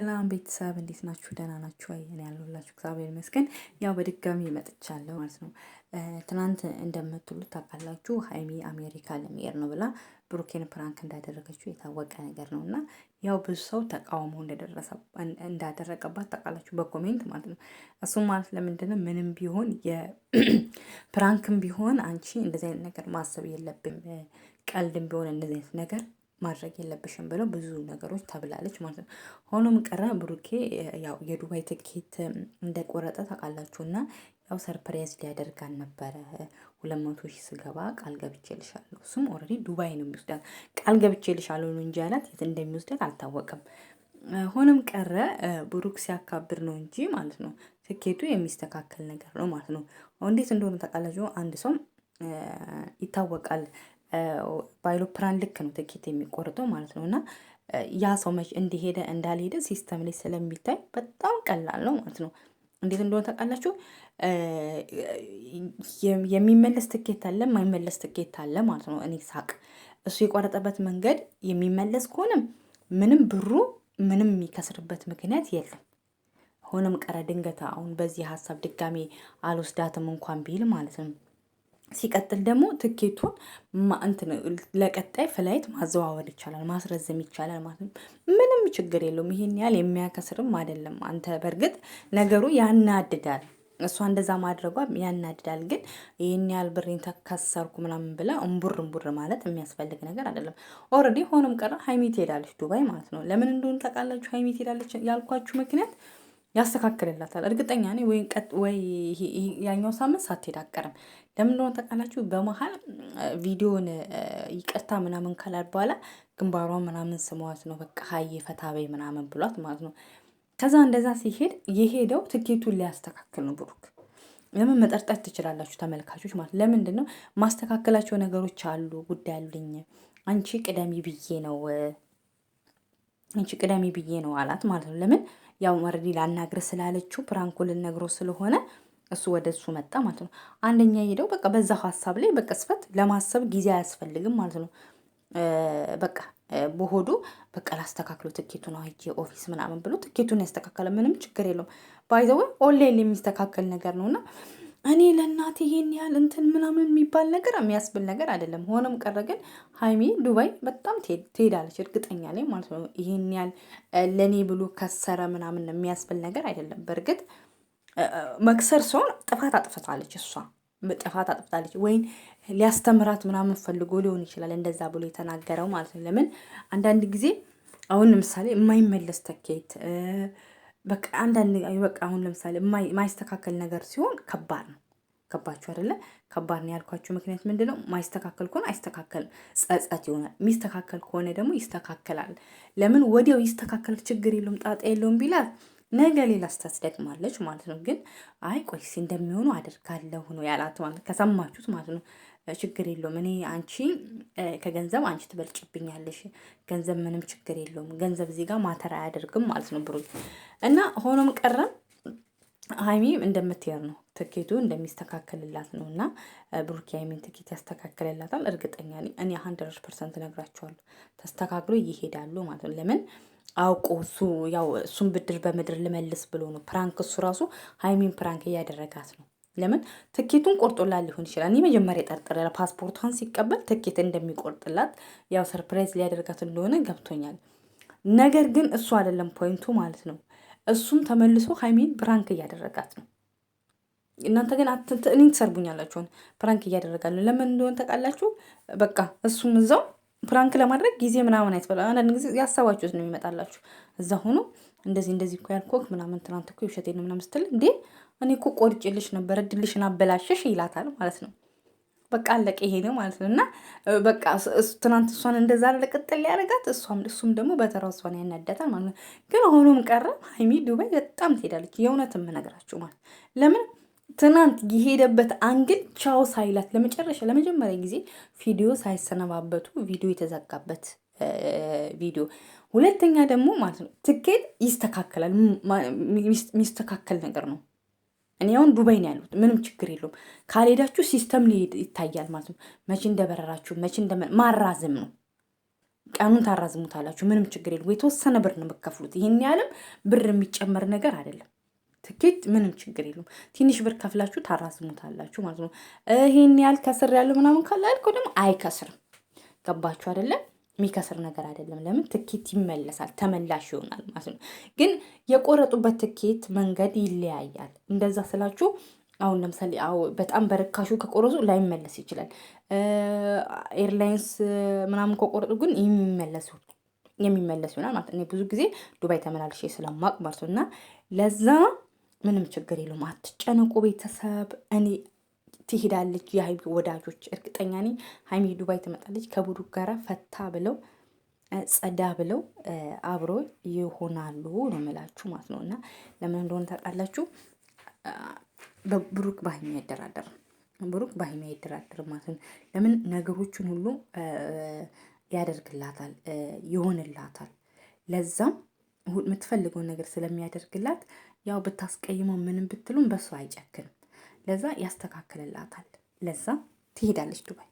ሰላም ቤተሰብ እንዴት ናችሁ? ደህና ናችሁ? እኔ ያለሁላችሁ እግዚአብሔር ይመስገን። ያው በድጋሚ መጥቻለሁ ማለት ነው። ትናንት እንደምትሉት ታውቃላችሁ፣ ሀይሚ አሜሪካ ልንሄድ ነው ብላ ብሩኬን ፕራንክ እንዳደረገችው የታወቀ ነገር ነው እና ያው ብዙ ሰው ተቃውሞ እንዳደረገባት ታውቃላችሁ፣ በኮሜንት ማለት ነው። እሱም ማለት ለምንድነው ምንም ቢሆን የፕራንክም ቢሆን አንቺ እንደዚህ አይነት ነገር ማሰብ የለብም ቀልድም ቢሆን እንደዚህ አይነት ነገር ማድረግ የለብሽም ብለው ብዙ ነገሮች ተብላለች ማለት ነው። ሆኖም ቀረ ብሩኬ ያው የዱባይ ትኬት እንደቆረጠ ታውቃላችሁ እና ያው ሰርፕራይዝ ሊያደርጋን ነበረ። ሁለት መቶ ሺህ ስገባ ቃል ገብቼልሻለሁ። እሱም ኦልሬዲ ዱባይ ነው የሚወስዳት ቃል ገብቼልሻለሁ ነው እንጂ ያላት የት እንደሚወስዳት አልታወቀም። ሆኖም ቀረ ብሩክ ሲያካብር ነው እንጂ ማለት ነው። ትኬቱ የሚስተካከል ነገር ነው ማለት ነው። እንዴት እንደሆነ ታውቃላችሁ። አንድ ሰው ይታወቃል በአይሎፕራን ልክ ነው ትኬት የሚቆርጠው ማለት ነው እና ያ ሰው መች እንደሄደ እንዳልሄደ ሲስተም ላይ ስለሚታይ በጣም ቀላል ነው ማለት ነው። እንዴት እንደሆነ ታውቃላችሁ? የሚመለስ ትኬት አለ፣ የማይመለስ ትኬት አለ ማለት ነው። እኔ ሳቅ እሱ የቆረጠበት መንገድ የሚመለስ ከሆነም ምንም ብሩ ምንም የሚከስርበት ምክንያት የለም። ሆነም ቀረ ድንገት አሁን በዚህ ሀሳብ ድጋሜ አልወስዳትም እንኳን ቢል ማለት ነው ሲቀጥል ደግሞ ትኬቱን እንትን ለቀጣይ ፍላይት ማዘዋወር ይቻላል፣ ማስረዘም ይቻላል ማለት ነው። ምንም ችግር የለውም። ይሄን ያህል የሚያከስርም አይደለም። አንተ በእርግጥ ነገሩ ያናድዳል፣ እሷ እንደዛ ማድረጓ ያናድዳል። ግን ይህን ያህል ብሬን ተከሰርኩ ምናምን ብላ እምቡር እምቡር ማለት የሚያስፈልግ ነገር አይደለም። ኦልሬዲ ሆኖም ቀረ ሀይሚ ትሄዳለች ዱባይ ማለት ነው። ለምን እንደሆነ ታውቃላችሁ? ሀይሚ ትሄዳለች ያልኳችሁ ምክንያት ያስተካክልላታል። እርግጠኛ ነኝ። ወይ ቀጥ ወይ ያኛው ሳምንት ሳትሄድ አቀረም ለምን እንደሆነ ታውቃላችሁ? በመሀል ቪዲዮን ይቅርታ ምናምን ካላት በኋላ ግንባሯ ምናምን ስሟት ነው በቃ ሀይ ፈታ በይ ምናምን ብሏት ማለት ነው። ከዛ እንደዛ ሲሄድ የሄደው ትኬቱን ሊያስተካክል ነው ብሩክ። ለምን መጠርጠር ትችላላችሁ ተመልካቾች ማለት ለምንድን ነው ማስተካከላቸው ነገሮች አሉ ጉዳይ አሉኝ አንቺ ቅደሚ ብዬ ነው ይቺ ቅደሚ ብዬ ነው አላት ማለት ነው። ለምን ያው መረዲ ላናግር ስላለችው ፕራንኩ ልነግሮ ስለሆነ እሱ ወደ እሱ መጣ ማለት ነው። አንደኛ ሄደው በቃ በዛ ሀሳብ ላይ በቃ ስፈት ለማሰብ ጊዜ አያስፈልግም ማለት ነው። በቃ በሆዱ በቃ ላስተካክሎ ትኬቱ ነው ሂጅ ኦፊስ ምናምን ብሎ ትኬቱን ያስተካከለ ምንም ችግር የለውም። ባይዘወ ኦንላይን የሚስተካከል ነገር ነውና እኔ ለእናቴ ይሄን ያህል እንትን ምናምን የሚባል ነገር የሚያስብል ነገር አይደለም። ሆኖም ቀረ ግን ሀይሚ ዱባይ በጣም ትሄዳለች እርግጠኛ ላይ ማለት ነው። ይሄን ያህል ለእኔ ብሎ ከሰረ ምናምን የሚያስብል ነገር አይደለም። በእርግጥ መክሰር ሲሆን ጥፋት አጥፍታለች እሷ ጥፋት አጥፍታለች ወይም ሊያስተምራት ምናምን ፈልጎ ሊሆን ይችላል እንደዛ ብሎ የተናገረው ማለት ነው። ለምን አንዳንድ ጊዜ አሁን ለምሳሌ የማይመለስ ተኬት በቃ አንዳንድ በቃ አሁን ለምሳሌ ማይስተካከል ነገር ሲሆን ከባድ ነው። ገባችሁ አይደለ? ከባድ ነው ያልኳችሁ ምክንያት ምንድን ነው? ማይስተካከል ከሆነ አይስተካከልም፣ ጸጸት ይሆናል። የሚስተካከል ከሆነ ደግሞ ይስተካከላል። ለምን ወዲያው ይስተካከል፣ ችግር የለውም፣ ጣጣ የለውም ቢላት ነገ ሌላ ስህተት ደግማለች ማለት ነው። ግን አይ ቆይሲ እንደሚሆኑ አደርጋለሁ ነው ያላት ማለት ከሰማችሁት ማለት ነው። ችግር የለውም። እኔ አንቺ ከገንዘብ አንቺ ትበልጭብኛለሽ፣ ገንዘብ ምንም ችግር የለውም። ገንዘብ እዚህ ጋር ማተር አያደርግም ማለት ነው ብሩክ እና ሆኖም ቀረም ሀይሚ እንደምትሄድ ነው ትኬቱ እንደሚስተካከልላት ነው እና ብሩክ የሀይሚን ትኬት ያስተካከልላታል። እርግጠኛ እኔ ሀንድረድ ፐርሰንት እነግራቸዋለሁ። ተስተካክሎ ይሄዳሉ ማለት ነው። ለምን አውቆ እሱ ያው እሱን ብድር በምድር ልመልስ ብሎ ነው ፕራንክ እሱ ራሱ ሀይሚን ፕራንክ እያደረጋት ነው ለምን ትኬቱን ቆርጦላት ሊሆን ይችላል። እኔ መጀመሪያ ጠርጥር ፓስፖርቷን ሲቀበል ትኬት እንደሚቆርጥላት ያው ሰርፕራይዝ ሊያደርጋት እንደሆነ ገብቶኛል። ነገር ግን እሱ አይደለም ፖይንቱ ማለት ነው። እሱም ተመልሶ ሀይሜን ብራንክ እያደረጋት ነው። እናንተ ግን እኔን ትሰርቡኛላችሁን። ብራንክ እያደረጋለሁ ለምን እንደሆነ ታውቃላችሁ። በቃ እሱም እዛው ፕራንክ ለማድረግ ጊዜ ምናምን አይትበላ። አንዳንድ ጊዜ ያሰባችሁት ነው የሚመጣላችሁ። እዛ ሆኖ እንደዚህ እንደዚህ እኮ ያልኮክ ምናምን ትናንት እኮ የውሸቴን ነው ምናምን ስትል እንዴ እኔ እኮ ቆርጬልሽ ነበር እድልሽን አበላሸሽ ይላታል ማለት ነው። በቃ አለቀ ይሄ ነው ማለት ነው። እና በቃ ትናንት እሷን እንደዛ ለቅጥል እሷም እሱም ደግሞ በተራ እሷን ያናዳታል ማለት ነው። ግን ሆኖም ቀረ ሀይሚ ዱባይ በጣም ትሄዳለች። የእውነት የምነግራችሁ ማለት ለምን ትናንት የሄደበት አንግል ቻው ሳይላት ለመጨረሻ ለመጀመሪያ ጊዜ ቪዲዮ ሳይሰነባበቱ ቪዲዮ የተዘጋበት ቪዲዮ። ሁለተኛ ደግሞ ማለት ነው ትኬት ይስተካከላል፣ የሚስተካከል ነገር ነው። እኔ አሁን ዱባይ ነው ያሉት፣ ምንም ችግር የለውም። ካልሄዳችሁ ሲስተም ይታያል ማለት ነው። መቼ እንደበረራችሁ መቼ ማራዘም ነው ቀኑን ታራዝሙታላችሁ። ምንም ችግር የለውም። የተወሰነ ብር ነው የምከፍሉት። ይህን ያህልም ብር የሚጨመር ነገር አይደለም። ትኬት ምንም ችግር የለም። ትንሽ ብር ከፍላችሁ ታራዝሙታላችሁ ማለት ነው። ይሄን ያህል ከስር ያለው ምናምን ካላልከው ደግሞ አይከስርም። ገባችሁ አይደለም? የሚከስር ነገር አይደለም። ለምን ትኬት ይመለሳል፣ ተመላሽ ይሆናል ማለት ነው። ግን የቆረጡበት ትኬት መንገድ ይለያያል። እንደዛ ስላችሁ አሁን ለምሳሌ በጣም በርካሹ ከቆረጡ ላይመለስ ይችላል። ኤርላይንስ ምናምን ከቆረጡ ግን የሚመለሱ የሚመለስ ይሆናል ማለት ብዙ ጊዜ ዱባይ ተመላልሼ ስለማቅ ማለት ነው እና ለዛ ምንም ችግር የለውም። አትጨነቁ ቤተሰብ። እኔ ትሄዳለች የሀይሚ ወዳጆች እርግጠኛ ነኝ። ሀይሚ ዱባይ ትመጣለች ከቡዱ ጋራ ፈታ ብለው ጸዳ ብለው አብሮ ይሆናሉ ነው የምላችሁ ማለት ነው። እና ለምን እንደሆነ ታውቃላችሁ? ብሩክ በሀይሚ አይደራደርም። ብሩክ በሀይሚ አይደራደርም ማለት ነው። ለምን ነገሮችን ሁሉ ያደርግላታል፣ ይሆንላታል። ለዛም የምትፈልገውን ነገር ስለሚያደርግላት ያው ብታስቀይመው ምንም ብትሉም በሱ አይጨክንም። ለዛ ያስተካክልላታል። ለዛ ትሄዳለች ዱባይ።